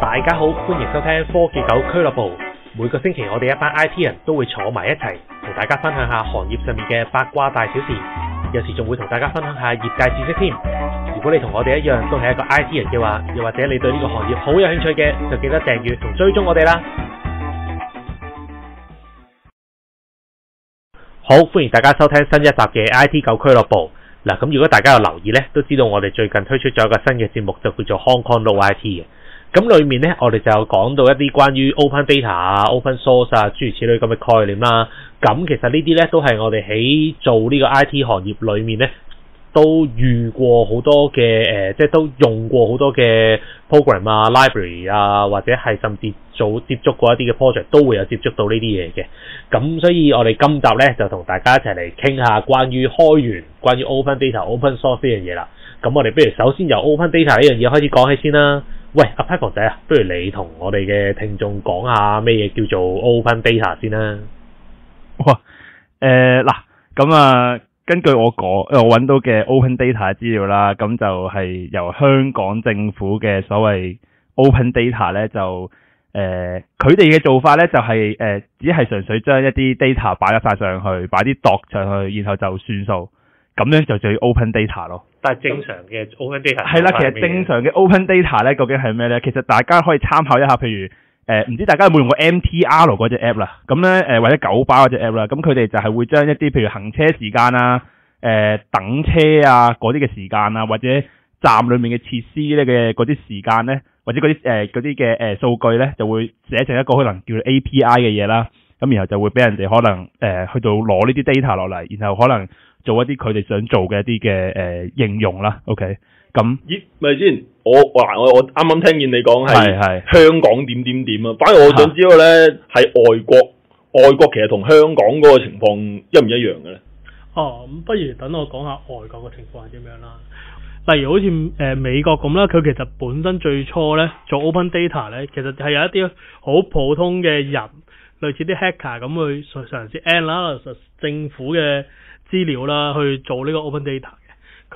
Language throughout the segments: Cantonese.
大家好，歡迎收聽科技狗俱樂部。每個星期我哋一班 I T 人都會坐埋一齊，同大家分享下行業上面嘅八卦大小事，有時仲會同大家分享下業界知識添。如果你同我哋一樣都係一個 I T 人嘅話，又或者你對呢個行業好有興趣嘅，就記得訂閱同追蹤我哋啦。好，歡迎大家收聽新一集嘅 I T 狗俱樂部。嗱，咁如果大家有留意咧，都知道我哋最近推出咗一個新嘅節目，就叫做 Hong Kong No IT 嘅。咁裏面咧，我哋就講到一啲關於 Open Data 啊、Open Source 啊諸如此類咁嘅概念啦。咁其實呢啲咧，都係我哋喺做呢個 IT 行業裏面咧。都遇過好多嘅，誒、呃，即係都用過好多嘅 program 啊、library 啊，或者係甚至做接觸過一啲嘅 project，都會有接觸到呢啲嘢嘅。咁所以我哋今集咧就同大家一齊嚟傾下關於開源、關於 open data、open source 呢樣嘢啦。咁我哋不如首先由 open data 呢樣嘢開始講起先啦。喂，阿 Patrick 仔啊，不如你同我哋嘅聽眾講下咩嘢叫做 open data 先啦。哇，誒、呃，嗱，咁啊。根據我講，誒我揾到嘅 open data 資料啦，咁就係由香港政府嘅所謂 open data 咧，就誒佢哋嘅做法咧、就係，就係誒只係純粹將一啲 data 擺一塊上去，擺啲度上去，然後就算數，咁樣就最 open data 咯。但係正常嘅 open data 係、嗯、啦，其實正常嘅 open data 咧，究竟係咩咧？其實大家可以參考一下，譬如。誒、呃，唔知大家有冇用過 MTR 嗰隻 app 啦？咁咧，誒、呃、或者九巴嗰隻 app 啦，咁佢哋就係會將一啲譬如行車時間啊、誒、呃、等車啊嗰啲嘅時間啊，或者站裏面嘅設施咧嘅嗰啲時間咧，或者嗰啲誒嗰啲嘅誒數據咧，就會寫成一個可能叫做 API 嘅嘢啦。咁然後就會俾人哋可能誒、呃、去到攞呢啲 data 落嚟，然後可能做一啲佢哋想做嘅一啲嘅誒應用啦。OK。咁咦，咪先？我我我啱啱聽見你講係香港點點點啊！反而我想知道咧，係外國，外國其實同香港嗰個情況一唔一樣嘅咧？哦、啊，咁不如等我講下外國嘅情況係點樣啦。例如好似誒美國咁啦，佢其實本身最初咧做 open data 咧，其實係有一啲好普通嘅人，類似啲 hacker 咁去嘗試 analysis 政府嘅資料啦，去做呢個 open data。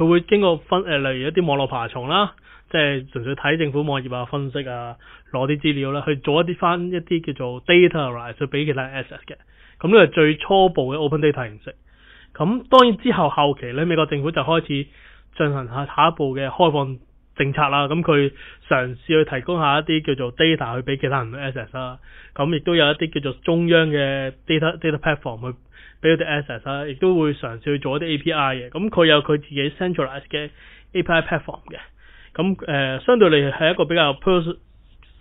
佢會經過分誒，例如一啲網絡爬蟲啦，即係純粹睇政府網頁啊、分析啊、攞啲資料啦，去做一啲翻一啲叫做 data right 去俾其他 access 嘅。咁呢個最初步嘅 open data 形式。咁當然之後後期咧，美國政府就開始進行下下一步嘅開放政策啦。咁佢嘗試去提供下一啲叫做 data 去俾其他人 access 啦。咁亦都有一啲叫做中央嘅 data data platform 去。俾嗰啲 assets 啦，亦都會嘗試去做一啲 API 嘅，咁佢有佢自己 centralized 嘅 API platform 嘅，咁、呃、誒相對嚟係一個比較 person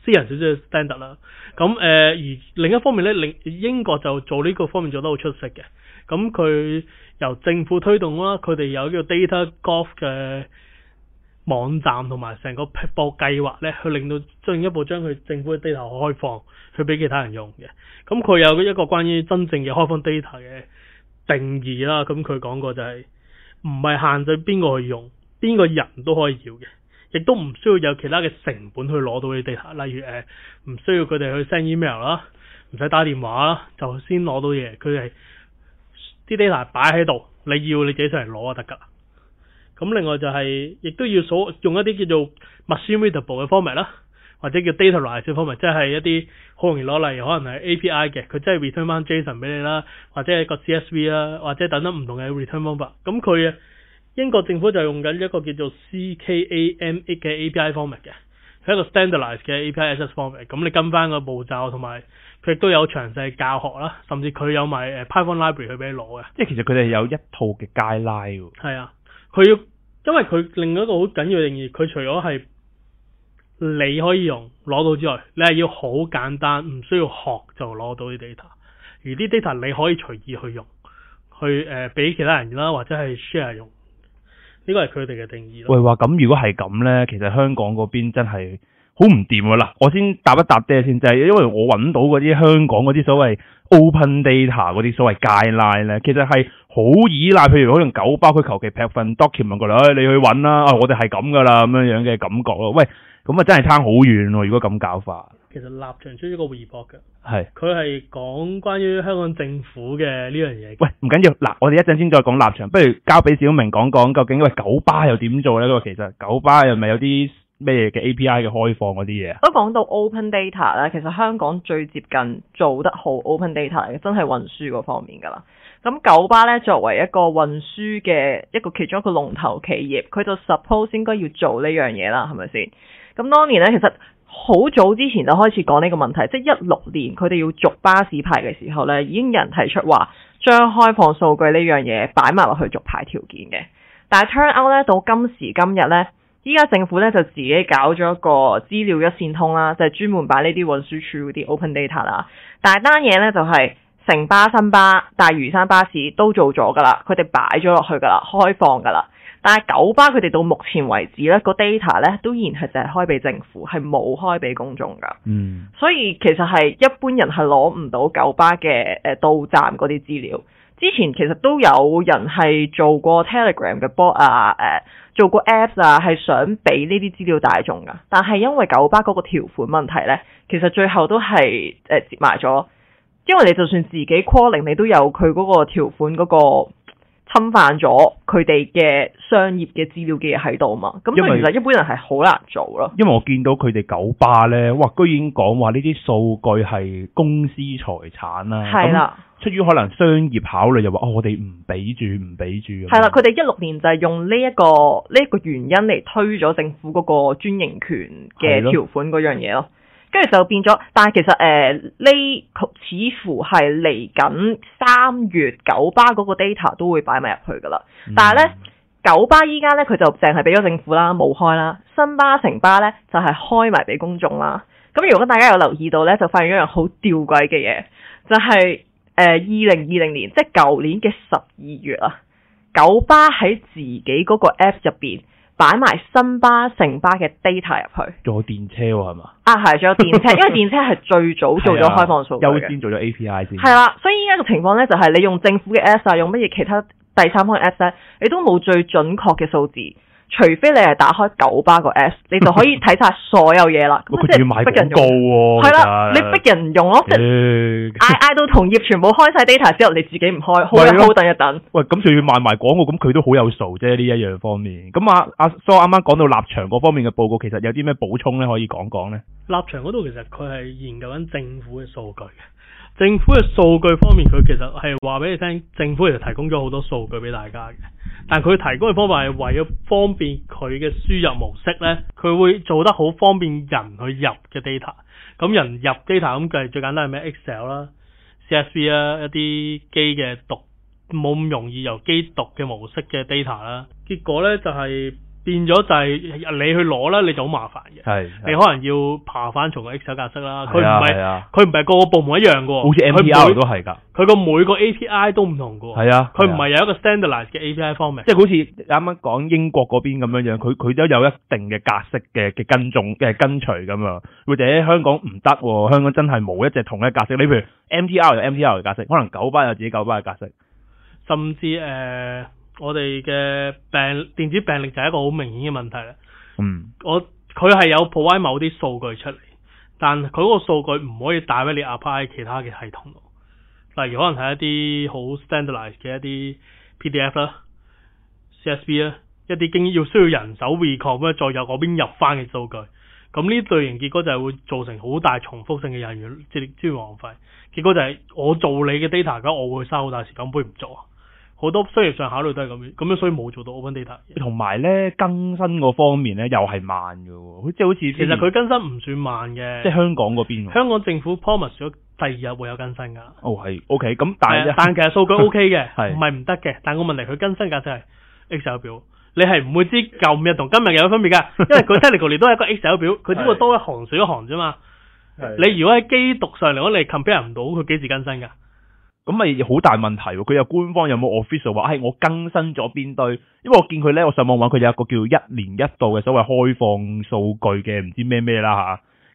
私人少少嘅 standard 啦，咁、呃、誒而另一方面咧，英英國就做呢個方面做得好出色嘅，咁佢由政府推動啦，佢哋有呢個 data golf 嘅。網站同埋成個 pet ボ計劃咧，去令到進一步將佢政府嘅 data 開放去俾其他人用嘅。咁佢有一個關於真正嘅開放 data 嘅定義啦。咁佢講過就係唔係限制邊個去用，邊個人都可以要嘅，亦都唔需要有其他嘅成本去攞到嘅 data。例如誒，唔需要佢哋去 send email 啦，唔使打電話啦，就先攞到嘢。佢係啲 data 擺喺度，你要你自己上嚟攞就得㗎啦。咁另外就係、是，亦都要所用一啲叫做 machine-readable 嘅 format 啦，或者叫 data-rich 嘅 format，即係一啲好容易攞嚟，可能係 API 嘅，佢真係 return 翻 JSON 俾你啦，或者係一個 CSV 啦，或者等等唔同嘅 return 方法。咁佢啊，英國政府就用緊一個叫做 CKAMH 嘅 API format 嘅，係一個 standardized 嘅 API access format。咁你跟翻個步驟同埋，佢亦都有詳細教學啦，甚至佢有埋 Python library 去俾你攞嘅。即係其實佢哋有一套嘅 guideline 嘅係啊，佢要。因為佢另外一個好緊要嘅定義，佢除咗係你可以用攞到之外，你係要好簡單，唔需要學就攞到啲 data。而啲 data 你可以隨意去用，去誒俾其他人啦，或者係 share 用。呢個係佢哋嘅定義咯。喂，話咁如果係咁咧，其實香港嗰邊真係～好唔掂㗎啦！我先答一答啲先，就係因為我揾到嗰啲香港嗰啲所謂 open data 嗰啲所謂 guideline 呢，其實係好依賴，譬如可能九巴佢求其劈份 document 過嚟，誒、哎、你去揾啦，啊我哋係咁㗎啦咁樣嘅感覺咯。喂，咁啊真係差好遠喎！如果咁搞法，其實立場出咗個 report 嘅，係佢係講關於香港政府嘅呢樣嘢。喂，唔緊要嗱，我哋一陣先再講立場，不如交俾小明講講究竟因為九巴又點做咧？因為其實九巴又咪有啲。咩嘅 API 嘅開放嗰啲嘢？都講到 open data 咧，其實香港最接近做得好 open data 嚟嘅，真係運輸嗰方面噶啦。咁九巴咧，作為一個運輸嘅一個其中一個龍頭企業，佢就 suppose 應該要做呢樣嘢啦，係咪先？咁當年咧，其實好早之前就開始講呢個問題，即係一六年佢哋要續巴士牌嘅時候咧，已經有人提出話將開放數據呢樣嘢擺埋落去續牌條件嘅。但係 turn out 咧，到今時今日咧。依家政府咧就自己搞咗一個資料一線通啦，就係、是、專門擺呢啲運輸處嗰啲 open data 啦。但係單嘢咧就係、是、城巴、新巴、大嶼山巴士都做咗噶啦，佢哋擺咗落去噶啦，開放噶啦。但係九巴佢哋到目前為止咧，個 data 咧都依然係淨係開俾政府，係冇開俾公眾噶。嗯，所以其實係一般人係攞唔到九巴嘅誒、呃、到站嗰啲資料。之前其實都有人係做過 Telegram 嘅 bot 啊、呃，做過 Apps 啊，係想俾呢啲資料大眾噶，但係因為九巴嗰個條款問題咧，其實最後都係誒截埋咗。因為你就算自己 calling，你都有佢嗰個條款嗰、嗰個。侵犯咗佢哋嘅商業嘅資料嘅嘢喺度嘛，咁其實一般人係好難做咯。因為，因為我見到佢哋九巴呢，哇，居然講話呢啲數據係公司財產啦，係啦，出於可能商業考慮，又話哦，我哋唔俾住，唔俾住。係啦，佢哋一六年就係用呢一個呢一個原因嚟推咗政府嗰個專營權嘅條款嗰樣嘢咯。跟住就變咗，但係其實誒呢、呃，似乎係嚟緊三月九巴嗰個 data 都會擺埋入去㗎啦、嗯。但係呢，九巴依家呢，佢就淨係俾咗政府啦，冇開啦。新巴、城巴呢，就係、是、開埋俾公眾啦。咁如果大家有留意到呢，就發現一樣好吊詭嘅嘢，就係誒二零二零年，即係舊年嘅十二月啊，九巴喺自己嗰個 app 入面。擺埋新巴、城巴嘅 data 入去，仲有電車喎、哦，係嘛？啊，係，仲有電車， 因為電車係最早做咗開放數，優先做咗 API 先。係啦，所以依家個情況呢，就係你用政府嘅 app 啊，用乜嘢其他第三方嘅 app 呢，你都冇最準確嘅數字。除非你係打開九巴個 s 你就可以睇晒所有嘢啦。咁佢 仲要賣廣告喎、啊，係啦的，你逼人用咯，嗌嗌到同業全部開晒 data 之後，你自己唔開，好等一等。喂，咁仲要賣埋廣告，咁佢都好有數啫。呢一樣方面，咁阿阿蘇啱啱講到立場嗰方面嘅報告，其實有啲咩補充咧，可以講講咧？立場嗰度其實佢係研究緊政府嘅數據。政府嘅數據方面，佢其實係話俾你聽，政府其實提供咗好多數據俾大家嘅，但佢提供嘅方法係為咗方便佢嘅輸入模式咧，佢會做得好方便人去入嘅 data。咁人入 data 咁就係最簡單係咩？Excel 啦，CSV 啦，一啲機嘅讀冇咁容易由機讀嘅模式嘅 data 啦。結果咧就係。變咗就係、是、你去攞啦，你就好麻煩嘅。係，你可能要爬翻重個 Excel 格式啦。佢唔係，佢唔係個個部門一樣噶。好似 MTR 都係噶。佢個每個 API 都唔同噶。係啊。佢唔係有一個 standardize 嘅 API 方面、啊啊。即係好似啱啱講英國嗰邊咁樣樣，佢佢都有一定嘅格式嘅嘅跟重嘅跟隨咁啊。或者香港唔得，香港真係冇一隻同一格式。你譬如 MTR 有 MTR 嘅格式，可能九巴有自己九巴嘅格式，甚至誒。呃我哋嘅病電子病歷就係一個好明顯嘅問題啦。嗯，我佢係有 provide 某啲數據出嚟，但係佢個數據唔可以帶畀你 apply 其他嘅系統咯。例如可能係一啲好 standardize 嘅一啲 PDF 啦、CSV 啦，一啲經要需要人手 record 咁再由入嗰邊入翻嘅數據。咁呢類型結果就係會造成好大重複性嘅人員即係資源浪費。結果就係我做你嘅 data 咁，我會嘥好大時間杯唔做啊。好多商業上考慮都係咁樣，咁樣所以冇做到 open data。同埋咧更新嗰方面咧又係慢喎，即係好似其實佢更新唔算慢嘅，即係香港嗰邊。香港政府 promise 咗第二日會有更新㗎。哦，係，OK，咁但係但其實數據 OK 嘅，唔係唔得嘅。但我問你，佢更新㗎，就係 Excel 表，你係唔會知舊五日同今日有分別㗎，因為佢 technical 都係一個 Excel 表，佢 只會多一行少一行啫嘛。你如果喺機讀上嚟，你 compare 唔到佢幾時更新㗎？咁咪好大問題喎？佢又官方有冇 official 話係我更新咗邊堆？因為我見佢呢，我上網揾佢有一個叫一年一度嘅所謂開放數據嘅唔知咩咩啦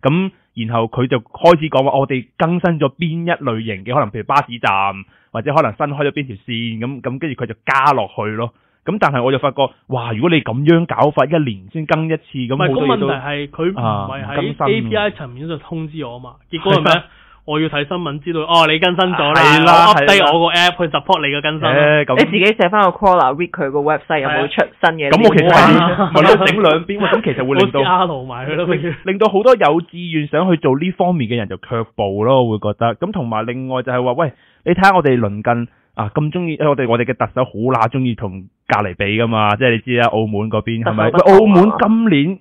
嚇。咁、啊啊、然後佢就開始講話、啊、我哋更新咗邊一類型嘅，可能譬如巴士站或者可能新開咗邊條線咁咁，跟住佢就加落去咯。咁但係我就發覺哇，如果你咁樣搞法，一年先更一次咁，唔係個問題係佢唔係喺 API 層面就通知我嘛、啊？結果係咩 我要睇新聞知道哦，你更新咗、啊，我你 update 低我個 app 去 support 你嘅更新。你、啊啊嗯嗯、自己寫翻個 crawler read 佢個 website 有冇出新嘢。咁、嗯嗯、我其實係咪都整兩邊？咁、 啊嗯、其實會令到會令到好多有志願想去做呢方面嘅人就卻步咯。我會覺得咁同埋另外就係話，喂，你睇下我哋鄰近。啊咁中意，我哋我哋嘅特首好乸中意同隔籬比噶嘛，即係你知啦，澳門嗰邊係咪？澳門今年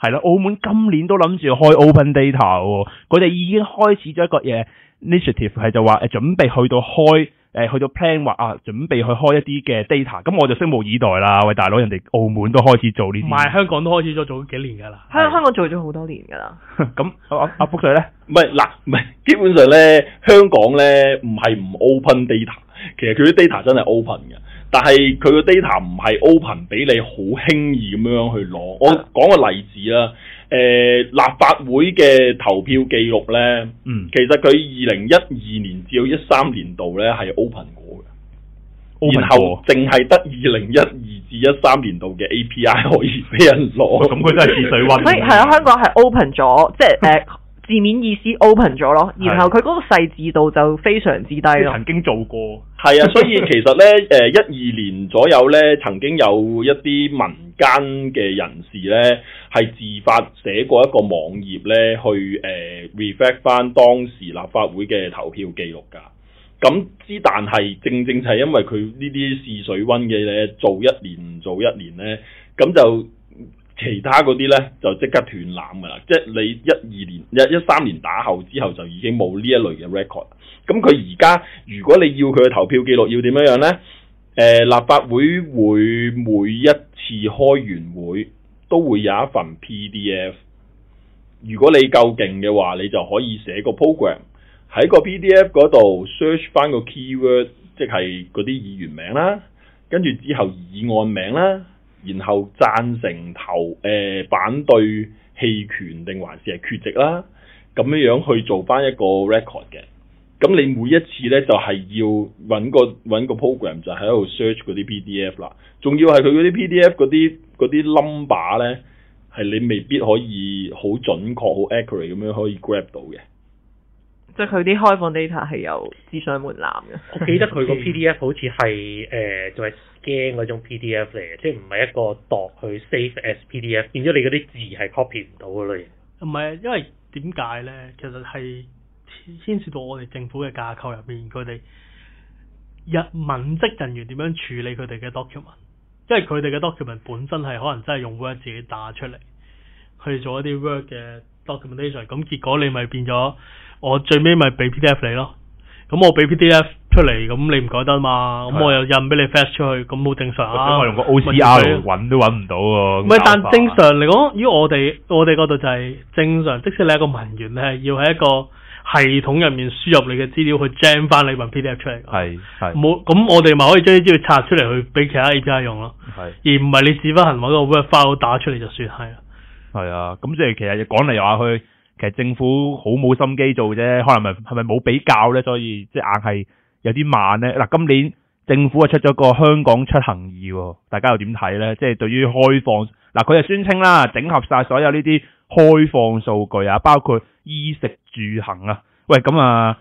係啦，澳門今年都諗住開 open data，哦。佢哋已經開始咗一個嘢 initiative，係就話誒準備去到開誒去到 plan 話啊，準備去開一啲嘅 data。咁我就拭目以待啦，喂大佬，人哋澳門都開始做呢啲，唔係香港都開始咗做幾年噶啦，香香港做咗好多年噶啦。咁阿阿福仔咧，唔係嗱，唔係基本上咧，香港咧唔係唔 open data。其實佢啲 data 真係 open 嘅，但係佢個 data 唔係 open 俾你好輕易咁樣去攞。我講個例子啦，誒、呃、立法會嘅投票記錄呢，嗯，其實佢二零一二年至到一三年度呢係 open 過嘅，然後淨係得二零一二至一三年度嘅 API 可以俾人攞。咁佢真係自水温。哦哦嗯、 所以係啊，香港係 open 咗，即、就、係、是呃。 字面意思 open 咗咯，然後佢嗰個細緻度就非常之低咯。曾經做過，係啊，所以其實呢，誒，一二年左右呢，曾經有一啲民間嘅人士呢，係自發寫過一個網頁呢，去 reflect 翻當時立法會嘅投票記錄㗎。咁之但係正正就係因為佢呢啲試水温嘅呢，做一年唔做一年呢，咁就。其他嗰啲咧就即刻斷纜㗎啦，即係你一二年一一三年打後之後就已經冇呢一類嘅 record。咁佢而家如果你要佢嘅投票記錄要點樣樣咧？呃，立法會會每一次開完會都會有一份 PDF。如果你夠勁嘅話，你就可以寫個 program 喺個 PDF 嗰度 search 翻個 keyword，即係嗰啲議員名啦，跟住之後議案名啦。然後贊成投誒、呃、反對棄權定還是缺席啦，咁樣去做翻一個 record 嘅。咁你每一次咧就係、是、要揾個揾個 program 就喺度 search 嗰啲 PDF 啦。仲要係佢嗰啲 PDF 嗰啲啲 number 咧，係你未必可以好準確好 accurate 咁樣可以 grab 到嘅。即係佢啲開放 data 係有思想門檻嘅。我記得佢個 PDF 好似係、 呃、就係、是、scan 嗰種 PDF 嚟嘅，即係唔係一個 doc 去 save as PDF，變咗你嗰啲字係 copy 唔到嗰類。唔係，因為點解咧？其實係牽涉到我哋政府嘅架構入面。佢哋日文職人員點樣處理佢哋嘅 document？因為佢哋嘅 document 本身係可能真係用 Word 自己打出嚟去做一啲 work 嘅 documentation，咁結果你咪變咗。我最尾咪俾 PDF 你咯，咁我俾 PDF 出嚟，咁你唔改得嘛？咁我又印俾你 fax 出去，咁好正常啊？我用個 OCR 嚟搵都搵唔到啊。唔係，但正常嚟講，如果我哋我哋嗰度就係正常，即使你係個文員呢，你係要喺一個系統入面輸入你嘅資料，去 jam 翻你份 PDF 出嚟。係係。冇咁，我哋咪可以將啲資料拆出嚟，去俾其他 API 用咯。係。而唔係你屎忽痕搵一個 Word file 打出嚟就算係啦。係啊，咁即係其實講嚟話去。其實政府好冇心機做啫，可能咪係咪冇比較呢？所以即係硬係有啲慢呢。嗱，今年政府啊出咗個香港出行易，大家又點睇呢？即係對於開放，嗱佢就宣稱啦，整合晒所有呢啲開放數據啊，包括衣食住行啊。喂，咁啊，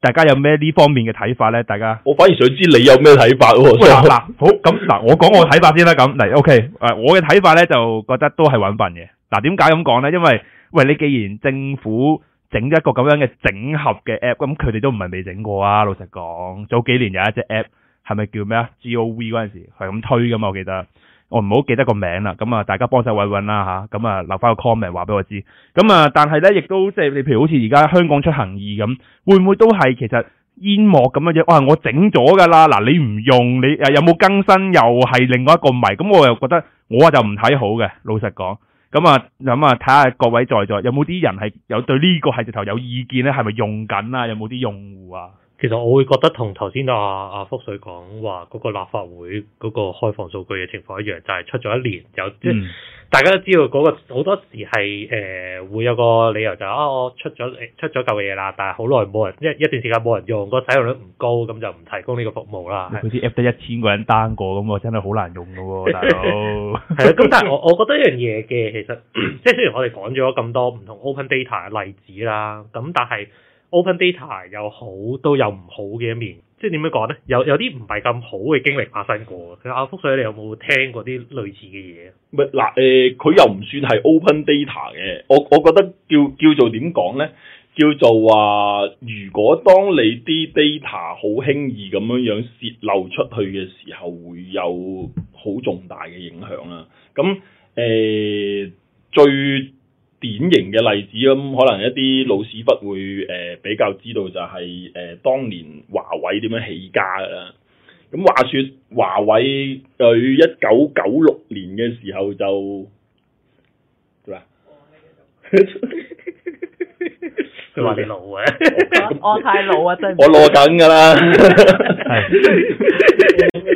大家有咩呢方面嘅睇法呢？大家，我反而想知你有咩睇法。嗱好咁嗱，我講我睇法先啦。咁嚟，O K，誒，OK, 我嘅睇法呢就覺得都係揾笨嘅。嗱，點解咁講呢？因為喂，你既然政府整一個咁樣嘅整合嘅 app，咁佢哋都唔係未整過啊！老實講，早幾年有一隻 app，係咪叫咩啊？G O V 嗰陣時係咁推噶嘛，我記得，我唔好記得個名啦。咁啊，大家幫手揾一揾啦吓，咁啊留翻個 comment 話俾我知。咁啊，但係咧亦都即係你譬如好似而家香港出行易咁，會唔會都係其實煙幕咁樣啫？哇、哦，我整咗噶啦，嗱，你唔用你誒，有冇更新又係另外一個謎。咁我又覺得我就唔睇好嘅，老實講。咁啊，咁啊，睇下各位在座有冇啲人係有對呢個係直頭有意見咧？係咪用緊啊？有冇啲用戶啊？其實我會覺得同頭先阿阿福水講話嗰個立法會嗰個開放數據嘅情況一樣，就係、是、出咗一年就即係大家都知道嗰、那個好多時係誒、呃、會有個理由就是、啊我出咗出咗嚿嘢啦，但係好耐冇人一一段時間冇人用個使用率唔高，咁就唔提供呢個服務啦。好似 App 得一千個人 down 過咁，我真係好難用噶喎， 大佬哥。係 咁但係我我覺得一樣嘢嘅，其實即係雖然我哋講咗咁多唔同 open data 嘅例子啦，咁但係。Open data 有好都有唔好嘅一面，即係點樣講咧？有有啲唔係咁好嘅經歷發生過。阿福水，你有冇聽過啲類似嘅嘢？唔係嗱，呃、佢又唔算係 open data 嘅。我我覺得叫叫做點講咧？叫做話，如果當你啲 data 好輕易咁樣樣洩漏出去嘅時候，會有好重大嘅影響啦。咁、呃、最典型嘅例子咁，可能一啲老屎忽會誒、呃、比較知道就係、是、誒、呃、當年華為點樣起家噶啦。咁話說華為佢一九九六年嘅時候就佢話 你老啊！我太老啊真係！我攞緊㗎啦。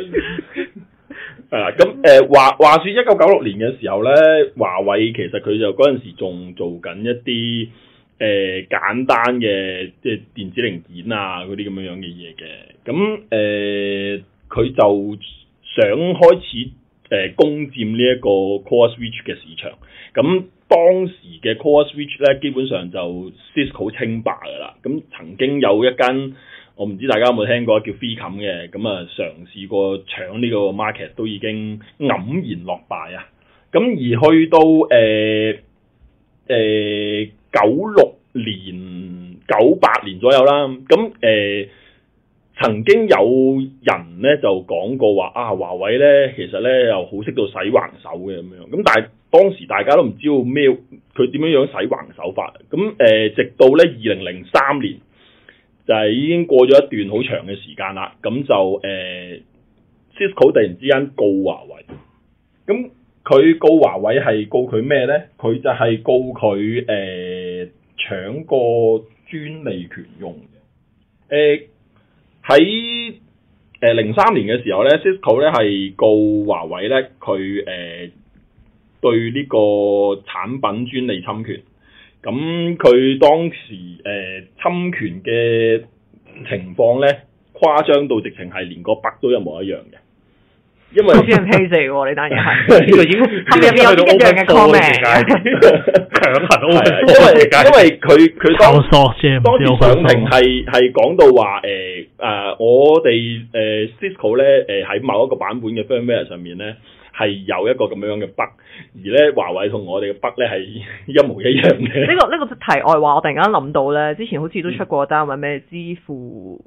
啦，咁誒、呃、話話說一九九六年嘅時候咧，華為其實佢就嗰陣時仲做緊一啲誒、呃、簡單嘅即係電子零件啊嗰啲咁樣嘅嘢嘅，咁誒佢就想開始誒、呃、攻佔呢一個 core switch 嘅市場，咁當時嘅 core switch 咧基本上就 Cisco 稱霸㗎啦，咁曾經有一間。我唔知大家有冇聽過叫 Fecom 嘅，咁啊嘗試過搶呢個 market 都已經黯然落敗啊！咁、嗯、而去到誒誒九六年、九八年左右啦，咁、呃、曾經有人咧就講過話啊，華為咧其實咧又好識到洗橫手嘅咁樣，咁但係當時大家都唔知道咩佢點樣樣洗橫手法，咁、呃、直到咧二零零三年。就係、是、已經過咗一段好長嘅時間啦，咁就誒、呃、Cisco 突然之間告華為，咁佢告華為係告佢咩咧？佢就係告佢誒搶過專利權用嘅。誒喺誒零三年嘅時候咧，Cisco 咧係告華為咧，佢誒、呃、對呢個產品專利侵權。咁佢當時誒、呃、侵權嘅情況咧，誇張到直情係連個 bug 都一模一樣嘅。因為 因為死嘢佢嘅 comment 因為因為佢佢當 當時上庭係係講到話誒啊，我哋誒、呃、Cisco 咧誒喺某一個版本嘅 firmware 上面咧，係有一個咁樣嘅 bug，而咧華為同我哋嘅 bug 咧係一模一樣嘅，這個。呢個呢個題外話，我突然間諗到咧，之前好似都出過單、嗯、問咩支付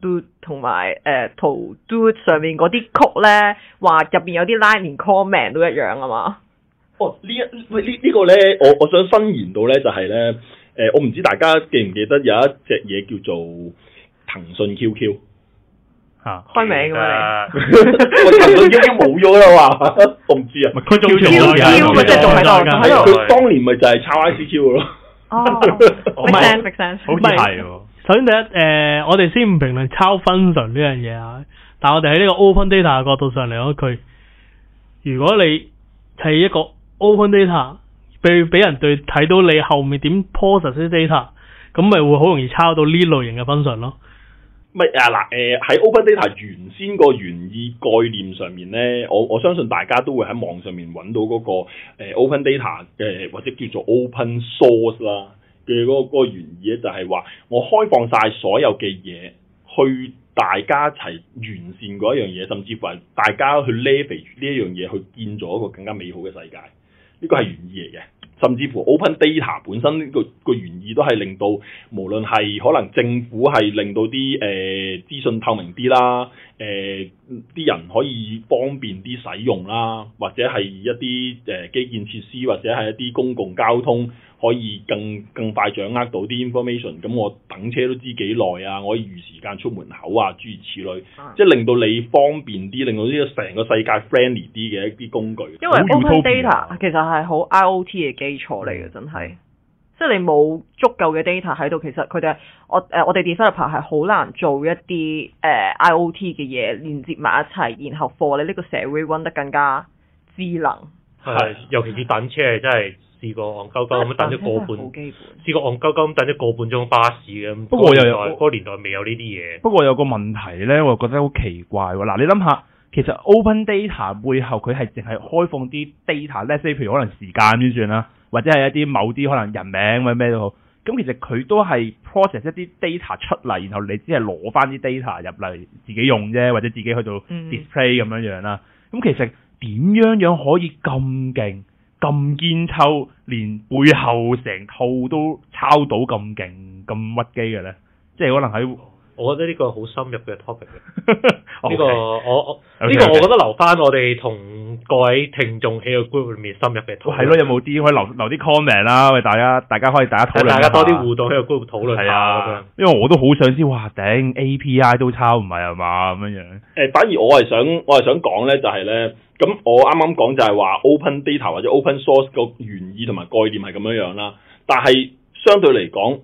do 同埋誒 to do 上面嗰啲 code 咧，話入邊有啲 language comment 都一樣啊嘛。哦，這個、呢一喂呢呢個咧，我我想伸延到咧就係、是、咧，誒、呃、我唔知大家記唔記得有一隻嘢叫做騰訊 QQ。啊，開名噶嘛？我近兩日已經冇咗啦，話同志啊。QQ 咪仲喺度，佢當年咪就係抄 ICQ 咯。哦，唔、哦、係，唔、嗯、係、嗯嗯，首先第一，誒、呃，我哋先唔評論抄分層呢樣嘢啊。但係我哋喺呢個 open data 嘅角度上嚟講，佢如果你係一個 open data，被俾人對睇到你後面點 process 啲 data，咁咪會好容易抄到呢類型嘅分層咯。咪啊嗱，誒喺 open data 原先個原意概念上面咧，我我相信大家都會喺網上面揾到嗰個誒、open data 嘅或者叫做 open source 啦嘅嗰個嗰個原意咧，就係話我開放曬所有嘅嘢去大家一齊完善嗰一樣嘢，甚至乎係大家去 leverage 呢一樣嘢去建造一個更加美好嘅世界。呢個係原意嚟嘅。甚至乎 Open Data 本身個個原意都係令到，無論係可能政府係令到啲誒資訊透明啲啦，誒、呃、啲人可以方便啲使用啦，或者係一啲誒、呃、基建設施，或者係一啲公共交通。可以更更快掌握到啲 information，咁我等車都知幾耐啊！我可以預時間出門口啊，諸如此類，即係令到你方便啲，令到呢個成個世界 friendly 啲嘅一啲工具。因為 open data 其實係好 IoT 嘅基礎嚟嘅，真係， 即係你冇足夠嘅 data 喺度，其實佢哋我誒我哋 developer 係好難做一啲誒、呃、IoT 嘅嘢，連接埋一齊，然後令到呢個社會運得更加智能。係，尤其是等車，真係。試過戇鳩鳩咁等咗個半，啊、試過戇鳩鳩咁等咗個半鐘巴士咁。不過又有嗰個年，年代未有呢啲嘢。不過有個問題咧，我覺得好奇怪喎。嗱，你諗下，其實 open data 背後佢係淨係開放啲 data，譬如可能時間之算啦，或者係一啲某啲可能人名或者咩都好。咁、嗯、其實佢都係 process 一啲 data 出嚟，然後你只係攞翻啲 data 入嚟自己用啫，或者自己去做 display 咁樣樣啦。咁、嗯、其實點樣樣可以咁勁？咁堅抽，連背後成套都抄到咁勁咁屈機嘅咧，即係可能喺，我覺得呢個好深入嘅 topic。 呢個我我呢、okay, okay. 個我覺得留翻我哋同各位聽眾喺個 group 入面深入嘅討論係咯，有冇啲可以留啲 comment 啦？喂，大家大家可以，大家，可以大家討論，大家多啲互動喺個 group 討論下、啊。因為我都好想知，哇！頂 API 都抄唔係啊嘛，咁樣樣。誒，反而我係想我係想講咧、就係，就係咧。咁我啱啱講就係話 open data 或者 open source 個原意同埋概念係咁樣樣啦，但係相對嚟講，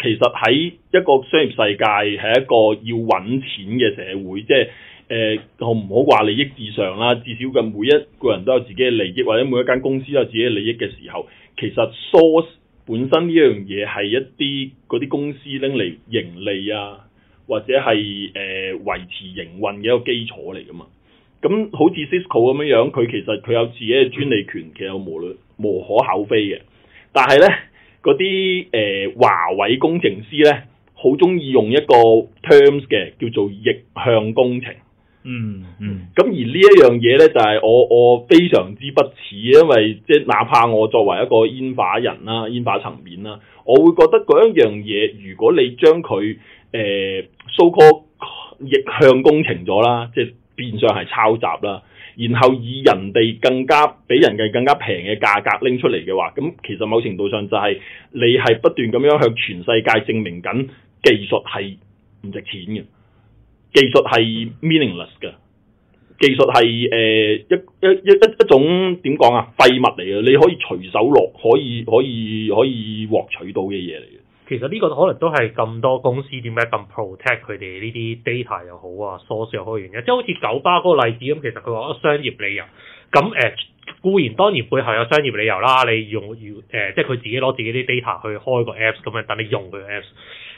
其實喺一個商業世界係一個要揾錢嘅社會，即係誒唔好話利益至上啦，至少嘅每一個人都有自己嘅利益，或者每一間公司都有自己嘅利益嘅時候，其實 source 本身呢樣嘢係一啲嗰啲公司拎嚟盈利啊，或者係誒維持營運嘅一個基礎嚟㗎嘛。咁好似 Cisco 咁樣樣佢其實佢有自己嘅專利權，其實無論無可厚非嘅。但係咧，嗰啲誒華為工程師咧，好中意用一個 terms 嘅叫做逆向工程。嗯嗯。咁而呢一樣嘢咧，就係、是、我我非常之不恥，因為即、就、係、是、哪怕我作為一個煙花人啦、煙花層面啦，我會覺得嗰一樣嘢，如果你將佢誒 so call 逆向工程咗啦，即、就是變相係抄襲啦，然後以人哋更加比人哋更加平嘅價格拎出嚟嘅話，咁其實某程度上就係、是、你係不斷咁樣向全世界證明緊技術係唔值錢嘅，技術係 meaningless 嘅，技術係誒、呃、一一一一一種點講啊廢物嚟嘅，你可以隨手落可以可以可以獲取到嘅嘢嚟嘅。其實呢個可能都係咁多公司點解咁 protect 佢哋呢啲 data 又好啊，source 又好嘅原因，即係好似酒吧嗰個例子咁，其實佢話商業理由。咁誒、呃、固然當然背後有商業理由啦，你用要、呃、即係佢自己攞自己啲 data 去開個 apps 咁樣等你用佢 apps。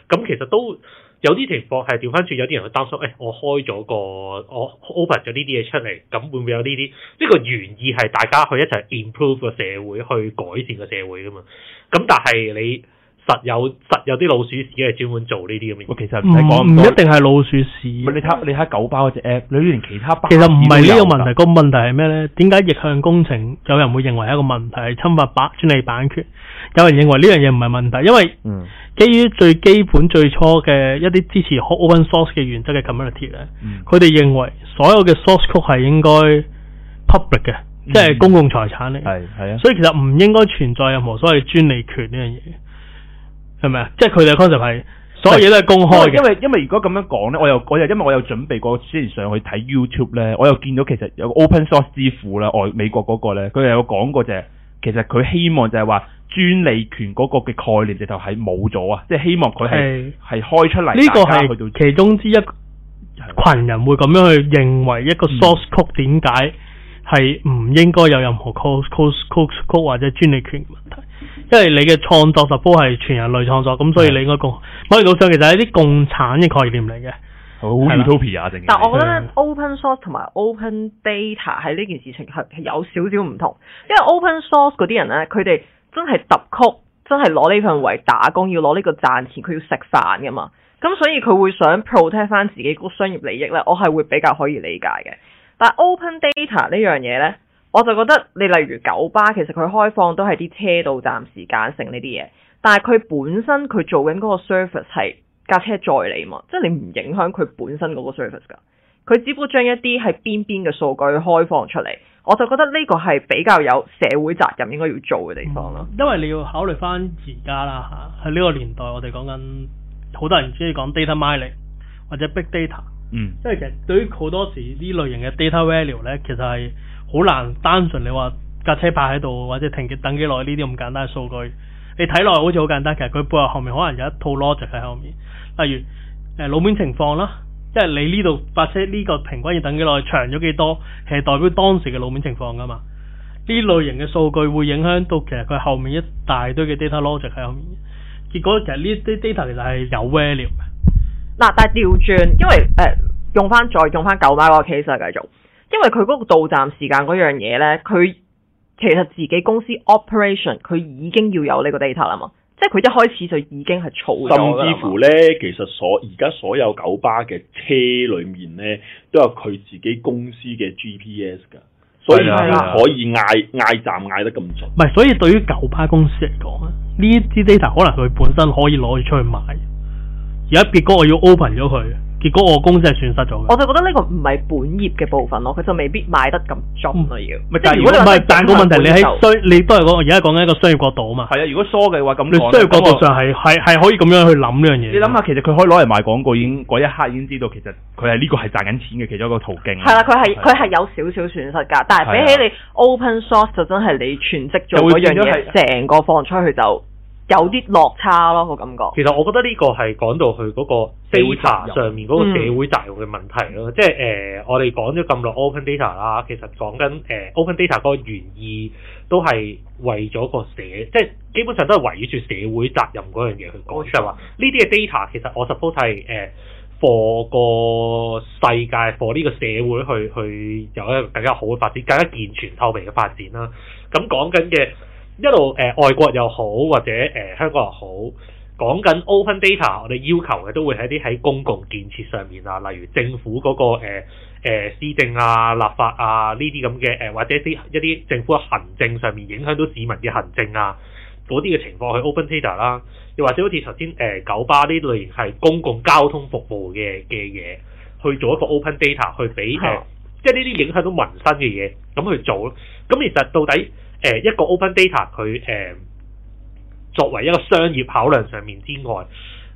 咁其實都有啲情況係調翻轉，有啲人去擔心誒、欸，我開咗個我 open 咗呢啲嘢出嚟，咁會唔會有呢啲？呢個原意係大家去一齊 improve 個社會，去改善個社會噶嘛。咁但係你。實有實有啲老鼠屎係專門做呢啲咁嘅。我其實唔使講，唔一定係老鼠屎。你睇你睇九巴嗰隻 app，你連其他包，其實唔係呢個問題。個問題係咩咧？點解逆向工程有人會認為一個問題，係侵犯版專利版權？有人認為呢樣嘢唔係問題，因為基於最基本最初嘅一啲支持 open source 嘅原則嘅 community 咧、嗯，佢哋認為所有嘅 source code 係應該 public 嘅，即、嗯、係、就是、公共財產嚟。係係啊，所以其實唔應該存在任何所謂專利權呢樣嘢。係咪啊？即係佢哋 concept 係，所有嘢都係公開嘅。因為，因為如果咁樣講咧，我又我又因為我有準備過，之前上去睇 YouTube 咧，我又見到其實有個 Open Source 之父呢外美國嗰個咧，佢有講過就係，其實佢希望就係話專利權嗰個嘅概念直頭係冇咗啊！即係希望佢係係開出嚟呢個係其中之一群人會咁樣去認為一個 source code 點解係唔應該有任何 code code code 或者專利權問題。因為你嘅創作實波係全人類創作，咁所以你應該共。我哋講上其實係一啲共產嘅概念嚟嘅。好 utopia 定？但我覺得 open source 同埋 open data 喺呢件事情係係有少少唔同，因為 open source 嗰啲人咧，佢哋真係揼曲，真係攞呢份為打工，要攞呢個賺錢，佢要食飯噶嘛。咁所以佢會想 protect 翻自己個商業利益咧，我係會比較可以理解嘅。但 open data 呢樣嘢咧？我就覺得你例如九巴，其實佢開放都係啲車到站時間性呢啲嘢，但係佢本身佢做緊嗰個 service 係架車載你嘛，即、就、係、是、你唔影響佢本身嗰個 service 㗎，佢只不過將一啲係邊邊嘅數據開放出嚟。我就覺得呢個係比較有社會責任應該要做嘅地方咯，嗯。因為你要考慮翻而家啦嚇，喺呢個年代，我哋講緊好多人中意講 data mining 或者 big data，嗯，即係其實對於好多時呢類型嘅 data value 咧，其實係。好難單純你話架車泊喺度或者停幾等幾耐呢啲咁簡單嘅數據，你睇落好似好簡單，其實佢背後面可能有一套 logic 喺後面。例如、呃、路面情況啦，即係你呢度發車呢個平均要等幾耐，長咗幾多，其實代表當時嘅路面情況噶嘛。呢類型嘅數據會影響到其實佢後面一大堆嘅 data logic 喺後面。結果其實呢啲 data 其實係有 value 嘅。嗱、啊，但係調轉，因為用翻、呃、再用翻九巴嗰個 case 嚟繼續。因為佢嗰個到站時間嗰樣嘢呢，佢其實自己公司 operation 佢已經要有呢個 data 啦嘛，即係佢一開始就已經係儲。甚至乎呢，其實所而家，所有九巴嘅車裏面呢，都有佢自己公司嘅 GPS 噶所以係可以嗌，嗌站嗌得咁準。唔係，所以對於九巴公司嚟講咧，呢啲 data 可能佢本身可以攞去出去賣。而家結果我要 open 咗佢。結果我公司係損失咗。我就覺得呢個唔係本業嘅部分咯，佢就未必買得咁足啊要。如果唔係，但個問題你喺商，你都係講而家講緊一個商業角度啊嘛。係啊，如果疏嘅話咁你商業角度上係係係可以咁樣去諗呢樣嘢。你諗下，其實佢可以攞嚟賣廣告，已經嗰一刻已經知道其實佢係呢個係賺緊錢嘅其中一個途徑。係啦，佢係佢係有少少損失㗎，但係比起你 open source 就真係你串積咗嗰樣嘢，成個放出去就。有啲落差咯，個感覺。其實我覺得呢個係講到佢嗰個 data 上面嗰個社會責任嘅、嗯、問題咯，即係誒、呃、我哋講咗咁耐 open data 啦，其實講緊、呃、open data 嗰個原意都係為咗個社，即係基本上都係圍繞住社會責任嗰樣嘢去講，就係話呢啲嘅 data 其實我 suppose 係誒、呃、for 個 the... 世界，for 呢個社會去去有一個更加好嘅發展，更加健全透明嘅發展啦。咁講緊嘅。一路誒、呃、外國又好，或者誒、呃、香港又好，講緊 open data，我哋要求嘅都會喺啲喺公共建設上面啊，例如政府嗰個誒誒施政啊、立法啊呢啲咁嘅誒、或者啲一啲政府嘅行政上面影響到市民嘅行政啊，嗰啲嘅情況去 open data 啦，又或者好似頭先誒九巴呢類型係公共交通服務嘅嘅嘢，去做一個 open data 去俾、嗯呃、即係呢啲影響到民生嘅嘢咁去做咯。咁其實到底誒一個 open data 佢誒作為一個商業考量上面之外，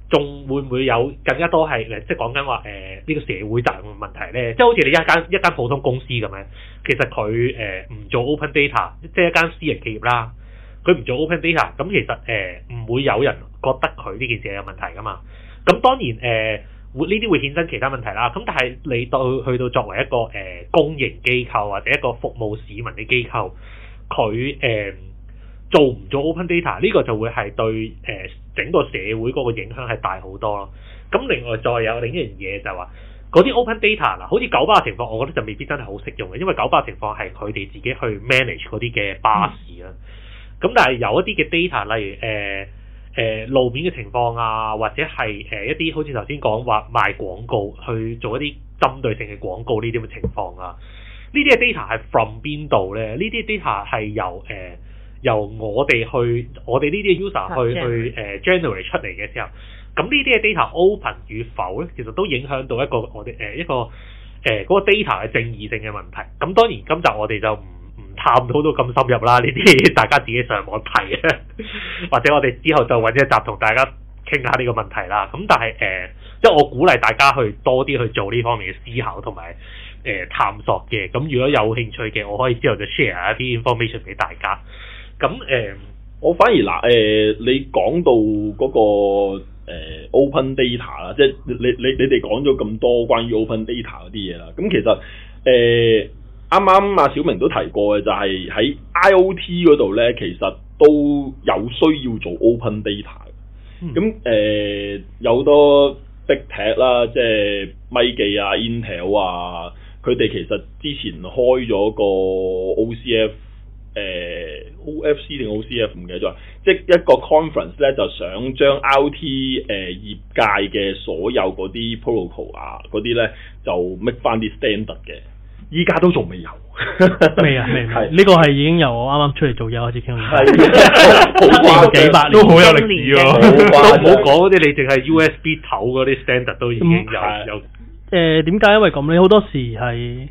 仲會唔會有更加多係即係講緊話誒呢個社會責任嘅問題咧？即係好似你一間一間普通公司咁樣，其實佢誒唔做 open data，即係一間私人企業啦，佢唔做 open data，咁其實誒唔、呃、會有人覺得佢呢件事有問題噶嘛？咁當然誒會，呢啲會衍生其他問題啦。咁但係你到去到作為一個、呃、公營機構或者一個服務市民嘅機構。佢誒、嗯、做唔做 open data 呢個就會係對誒、呃、整個社會嗰個影響係大好多咯。咁另外再有另一樣嘢就係話，嗰啲 open data 嗱，好似九巴嘅情況，我覺得就未必真係好適用嘅，因為九巴嘅情況係佢哋自己去 manage 嗰啲嘅巴士啦。咁、嗯、但係有一啲嘅 data，例如誒、呃呃、路面嘅情況啊，或者係誒一啲好似頭先講話賣廣告去做一啲針對性嘅廣告呢啲嘅情況啊。呢啲嘅 data 係 from 邊度咧？呢啲 data 係由、呃、由我哋去我哋呢啲 user 去去誒、呃、generate 出嚟嘅時候。咁呢啲嘅 data open 與否咧，其實都影響到一個我哋一個誒嗰、呃、個 data 嘅、呃那個、正義性嘅問題。咁當然今集我哋就唔唔探討到咁深入啦。呢啲大家自己上網睇啊，或者我哋之後就搵一集同大家傾下呢個問題啦。咁但係誒，因、呃、為我鼓勵大家去多啲去做呢方面嘅思考同埋，探索嘅。咁，如果有興趣嘅，我可以之後就 share 一啲 information 俾大家。咁、嗯、我反而嗱、呃、你講到嗰、嗰個、呃、open data 啦，即係你你你哋講咗咁多關於 open data 嗰啲嘢啦。咁其實誒，啱啱阿小明都提過嘅，就係喺 IoT 嗰度咧，其實都有需要做 open data 咁、嗯呃、有好多 big tech 啦，即係米記啊、Intel 啊。佢哋其實之前開咗個 O C F，誒 O F C 定 O C F 唔記得咗，即一個 conference 咧，就想將 I O T 誒業界嘅所有嗰啲 protocol 啊，嗰啲咧就 make 翻啲 standard 嘅。依家都仲未有，未啊，未。 呢、呢個係已經由我啱啱出嚟做嘢開始傾。係，七 7 年 幾八都好有歷史喎、啊。 都唔好講嗰啲你淨係 U S B 頭嗰啲 standard 都已經有、嗯、有。有。誒、呃，點解因為咁咧？好多時係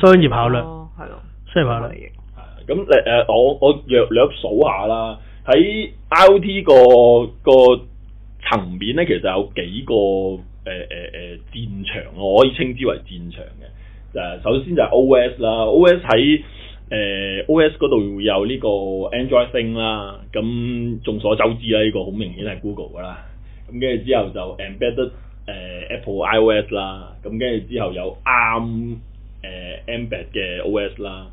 商業考量，係咯，商業考量。係咁，誒誒，我我略略數下啦，喺 IOT、那個個層面咧，其實有幾個誒誒誒戰場，我可以稱之為戰場嘅。就係、首先就係 OS 啦，OS 喺誒、呃、OS 嗰度會有呢個 Android Thing 啦，咁眾所周知啦，呢、呢個好明顯係 Google 噶啦。咁跟住之後就 Embedded。誒 Apple iOS 啦，咁跟住之後有 ARM 誒 Mbed 嘅 OS 啦，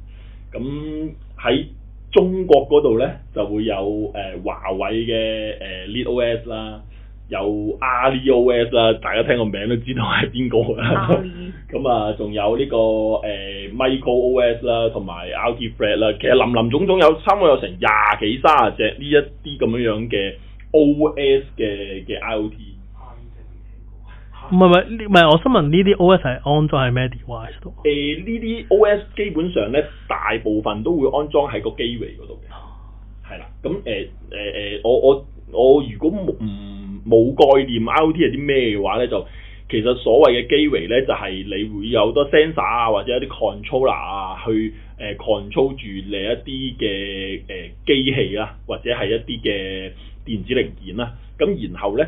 咁喺中國嗰度咧就會有誒華為嘅誒 LiteOS 啦，有 AliOS 啦，大家聽個名都知道係邊個啦。阿里。咁啊，仲有呢個誒 MicroOS 啦，同埋 RT-Thread 啦，其實林林總總有差唔多有成廿幾卅隻呢一啲咁樣樣嘅 OS 嘅嘅 IOT。唔係唔唔係，我想問呢啲 OS 係安裝喺咩 device 度？誒呢啲 OS 基本上咧，大部分都會安裝喺個機櫃嗰度。係啦，咁誒誒誒，我我我如果唔冇概念 IoT 係啲咩嘅話咧，就其實所謂嘅機櫃咧，就係、是、你會有好多 sensor 啊，或者一啲 controller 啊，去誒 control 住你一啲嘅誒機器啊，或者係一啲嘅電子零件啦，咁然後咧。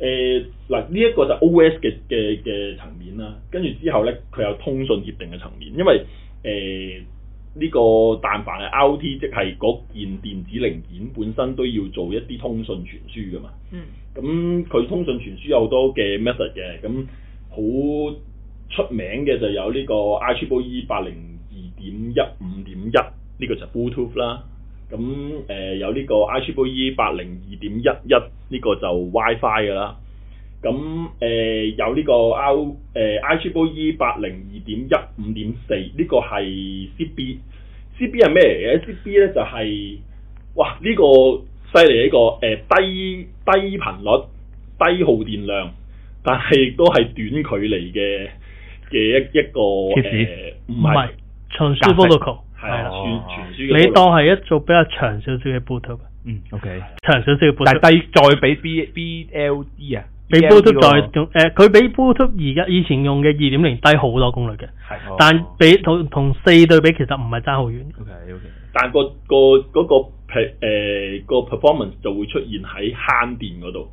誒嗱呢一個就是 OS 嘅嘅嘅層面啦，跟住之後咧佢有通訊協定嘅層面，因為誒呢、呃這個但凡係 IoT 即係嗰件電子零件本身都要做一啲通訊傳輸噶嘛。嗯。咁、嗯、佢通訊傳輸有好多嘅 method 嘅，咁、嗯、好出名嘅就有呢個 I triple E 八零二點一五點一呢個就 Bluetooth 啦。咁誒、呃、有呢個 iChipBoE 八零二點一一呢個就 WiFi 嘅啦。咁誒、呃、有呢個 out iChipBoE 八零二點一五點四呢個係 CB, CB 是。CB 係咩嚟嘅？CB 咧就係、是、哇呢、呢個犀利呢一個、呃、低低頻率、低耗電量，但係亦都係短距離嘅嘅一一個唔係長係啦，傳傳輸你當係一組比較長少少嘅 bootup，嗯，OK，長少少嘅 boot，但係低再俾 B B L D 啊，俾 bootup 再誒，佢俾 bootup 而家以前用嘅二點零低好多功率嘅，係，但比同同四對比其實唔係爭好遠，OK OK，但、嗰個、嗰個、嗰個 per 誒、嗰個呃嗰個 performance 就會出現喺慳電嗰度，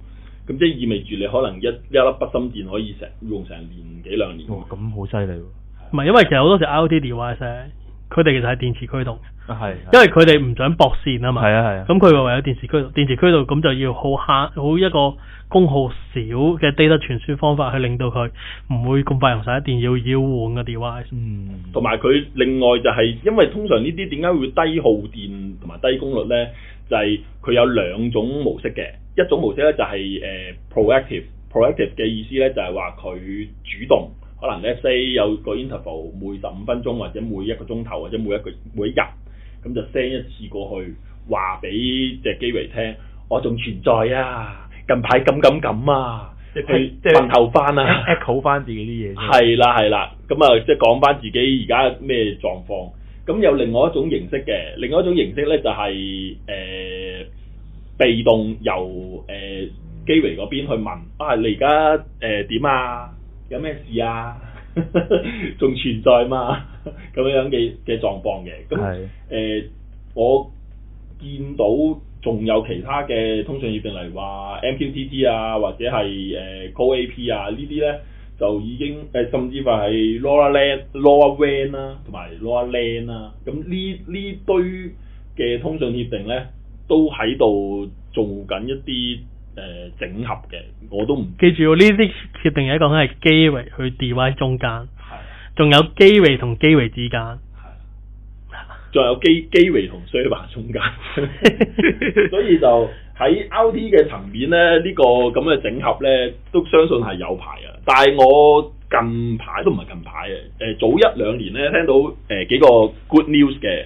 咁即係意味住你可能一一粒筆芯電可以成用成年幾兩年。咁好犀利喎，唔係因為其實好多時 IoT device 佢哋其實係電池驅動嘅，係係係因為佢哋唔想駁線啊嘛。係啊係啊，咁佢又唯有電池驅動，電池驅動咁就要好慳，好一個功耗少嘅 data 傳輸方法，去令到佢唔會咁快用曬電，一定要要換個 device。嗯。同埋佢另外就係、是，因為通常呢啲點解會低耗電同埋低功率咧，就係、是、佢有兩種模式嘅，一種模式咧就係誒 proactive，proactive 嘅意思咧就係話佢主動。可能你 send 有個 interval，每十五分鐘或者每一個鐘頭或者每一個每一日，咁就 send 一次過去，話俾隻 Gary 聽，我仲存在啊，近排咁咁咁啊，即係問頭翻啊，echo 翻自己啲嘢。係啦係啦，咁啊即係講翻自己而家咩狀況。咁有另外一種形式嘅，另外一種形式咧就係誒，被動由誒 Gary 嗰邊去問啊，你而家誒點啊？有咩事啊？仲 存在嘛？咁樣樣嘅嘅狀況嘅咁誒，我見到仲有其他嘅通訊協定例如話 MQTT 啊，或者係誒 CoAP 啊呢啲咧，就已經誒甚至乎係 Lower Layer Lower WAN 啦、啊，同埋 Lower LAN 啦、啊。咁呢呢堆嘅通訊協定咧，都喺度做緊一啲。誒、呃，整合嘅，我都唔記住。呢啲設定係一個喺機位去 DI 中間，係仲、啊、有機位同機位之間，係仲、啊、有機機位同 server 中間。 所以就喺 IT 嘅層面咧，呢、呢個咁嘅整合咧，都相信係有排啊。但係我近排都唔係近排嘅，誒、呃、早一兩年咧，聽到誒、呃、幾個 good news 嘅，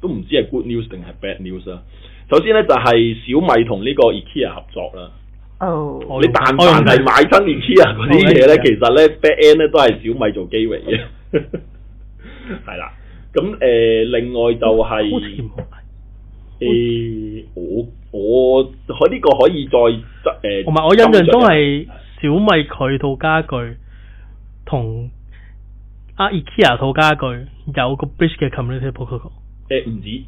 都唔知係 good news 定係 bad news 啊。首先咧就係小米同呢個 IKEA 合作啦。哦、oh，你但但係買親 IKEA 嗰啲嘢咧，其實咧 back end 咧都係小米做機嚟嘅。係 啦。咁誒、呃，另外就係、是、誒、呃、我我喺呢、這個可以再執，同埋我印象中係小米佢套家具同阿 IKEA 套家具有個 bridge 嘅 community、呃、programme 唔止。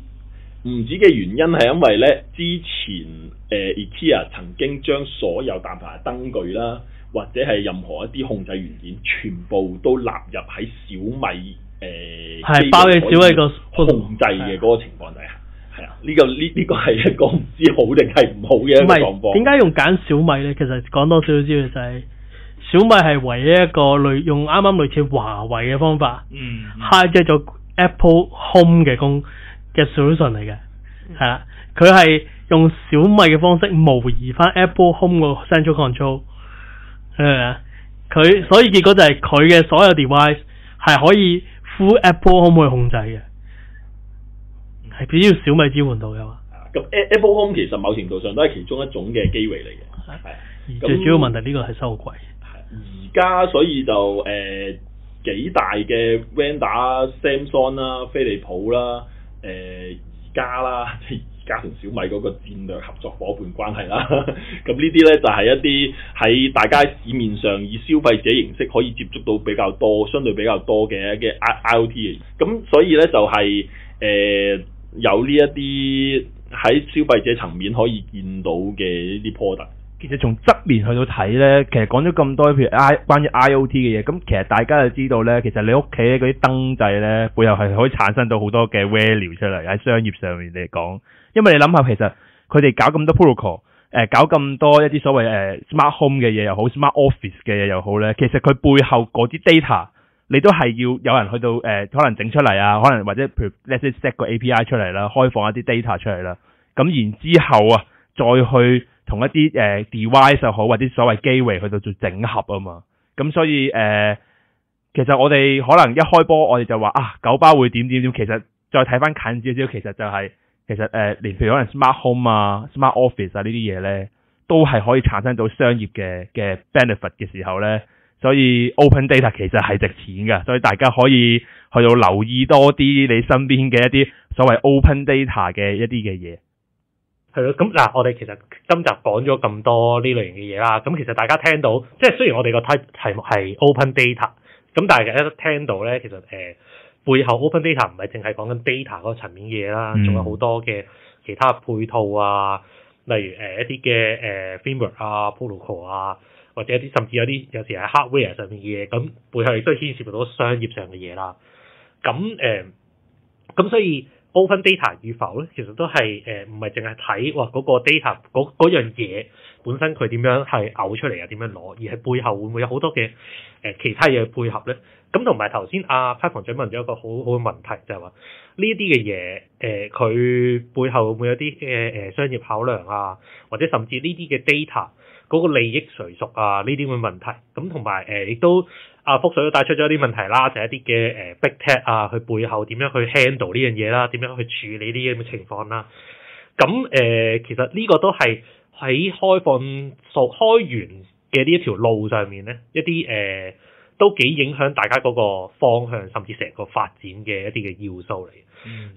唔止嘅原因係因為咧，之前誒、呃、IKEA 曾經將所有但凡燈具啦，或者係任何一啲控制元件，全部都納入喺小米誒係、呃這個、包嘅小米的、這個控制嘅嗰個情況底下，係啊，呢個呢呢個係一個唔知道好定係唔好嘅狀況。點解用揀小米咧？其實講多少少知嘅就係、是、小米係唯一一個類用啱啱類似華為嘅方法，嗯，限制咗 Apple Home 嘅功。嘅 solution 嚟嘅，係啦，佢係用小米嘅方式模擬翻 Apple Home 嘅 central control，係啊？佢所以結果就係佢嘅所有 device 係可以 through Apple Home 去控制嘅，係必要小米支援到嘅嘛。咁、嗯、Apple Home 其實某程度上都係其中一種嘅機會嚟嘅，係。最主要問題呢個係收貴。而家所以就誒、呃、幾大嘅 Vendor、Samsung 啦、飛利浦啦。誒而家啦，即係而家同小米嗰個戰略合作伙伴關係啦，咁呢啲咧就係、是、一啲喺大家市面上以消費者形式可以接觸到比較多，相對比較多嘅嘅 I IOT。咁所以咧就係、是、誒、呃、有呢一啲喺消費者層面可以見到嘅呢啲 product。其實從側面去到睇咧，其實講咗咁多譬如 I 關於 IoT 嘅嘢，咁其實大家就知道咧，其實你屋企嗰啲燈掣咧，背後係可以產生到好多嘅 value 出嚟喺商業上面嚟講。因為你諗下，其實佢哋搞咁多 protocol，誒搞咁多一啲所謂 smart home 嘅嘢又好，smart office 嘅嘢又好咧，其實佢背後嗰啲 data，你都係要有人去到誒可能整出嚟啊，可能或者譬如 let's say set 個 API 出嚟啦，開放一啲 data 出嚟啦，咁然之後啊，再去。同一啲誒、呃、device 又好，或者所謂機位去到做整合啊嘛，咁所以誒、呃、其實我哋可能一開波我哋就話啊，九巴會點點點，其實再睇翻近少少其實就係、是、其實誒連譬如可能 smart home 啊、smart office 啊呢啲嘢咧，都係可以產生到商業嘅嘅 benefit 嘅時候咧，所以 open data 其實係值錢嘅，所以大家可以去到留意多啲你身邊嘅一啲所謂 open data 嘅一啲嘅嘢。係咯，咁嗱，我哋其實今集講咗咁多呢類型嘅嘢啦，咁其實大家聽到，即係雖然我哋個題目係 open data，咁但係大家都聽到咧，其實、呃、背後 open data 唔係淨係講緊 data 嗰個層面嘢啦，仲、嗯、有好多嘅其他配套啊，例如誒一啲嘅誒 framework 啊 protocol 啊，或者一啲甚至有啲有時係 hardware 上面嘅嘢，咁背後亦都牽涉到商業上嘅嘢啦，咁誒，咁、呃、所以。open data 與否咧，其實都係誒唔係淨係睇哇嗰個 data 嗰嗰樣嘢本身佢點樣係嘔出嚟啊點樣攞，而係背後會唔會有好多嘅、呃、其他嘢配合咧？咁同埋頭先阿 Patrick 問咗一個好好嘅問題，就係話呢一啲嘅嘢誒，佢、呃、背後會唔會有啲嘅、呃、商業考量啊，或者甚至呢啲嘅 data。嗰個利益誰屬啊？呢啲咁嘅問題，咁同埋誒亦都阿、啊、福水都帶出咗一啲問題啦，就係、是、一啲嘅誒 big tech 啊，佢背後點樣去 handle 呢樣嘢啦，點樣去處理呢啲咁嘅情況啦？咁、啊、誒、呃，其實呢個都係喺開放數開源嘅呢一條路上面咧，一啲誒。呃都幾影響大家嗰個方向，甚至成個發展嘅一啲嘅要素嚟。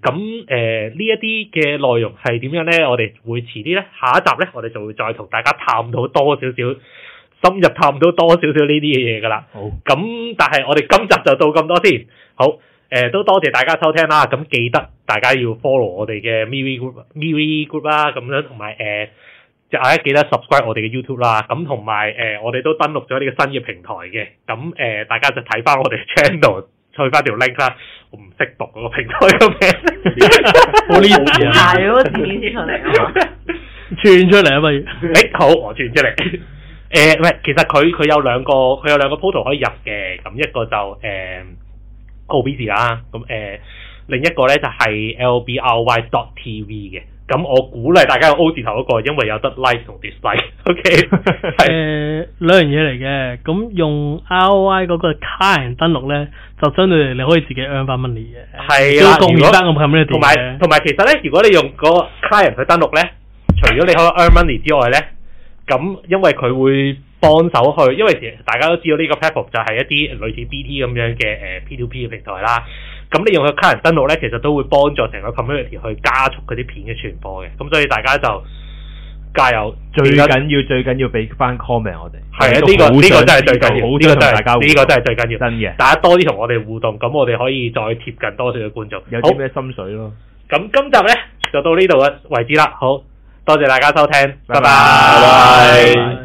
咁誒呢一啲嘅內容係點樣咧？我哋會遲啲咧，下一集咧，我哋就會再同大家探討多少少深入探討多少少呢啲嘅嘢㗎啦。好，咁但係我哋今集就到咁多先。好，誒、呃、都多謝大家收聽啦。咁記得大家要 follow 我哋嘅 Miri Group、Miri Group 啦，咁樣同埋誒。就係記得 subscribe 我哋嘅 YouTube 啦，咁同埋誒我哋都登錄咗呢個新嘅平台嘅，咁誒、呃、大家就睇翻我哋 channel，去翻條 link 啦。我唔識讀嗰個平台嘅名。 我好呢件事啊 自己 來！ 我轉轉出嚟啊，出嚟啊嘛！誒、呃、好，我串出嚟。誒、喂，其實佢佢有兩個，佢有兩個 portal 可以入嘅。咁一個就誒，OBS 啦，咁、呃、誒、啊呃、另一個咧就係 Lbry.tv 嘅。咁我鼓勵大家用 O 字頭嗰、那個，因為有得 like 同 dislike、okay? 呃。O K，係。誒兩樣嘢嚟嘅，咁用 R O I 嗰個 client 登錄咧，就相對你可以自己 earn 翻 money 嘅。係啦。如果同埋同埋，其實咧，如果你用個 client 去登錄咧，除咗你可以 earn money 之外咧，咁因為佢會幫手去，因為大家都知道呢個 platform 就係一啲類似 BT 咁樣嘅 P2P 嘅平台啦。咁你用個卡人登錄咧，其實都會幫助成個 community 去加速嗰啲片嘅傳播嘅。咁所以大家就加油，最緊要最緊要俾翻 comment 我哋係啊，呢、這個呢、這個真係最緊要，呢、這個真係、這個、大家呢、這個真係最緊要，真嘅。大家多啲同我哋互動，咁我哋可以再貼近多啲嘅觀眾。有啲咩心水咯？咁今集咧就到呢度嘅為止啦。好多謝大家收聽，拜拜。拜拜拜拜。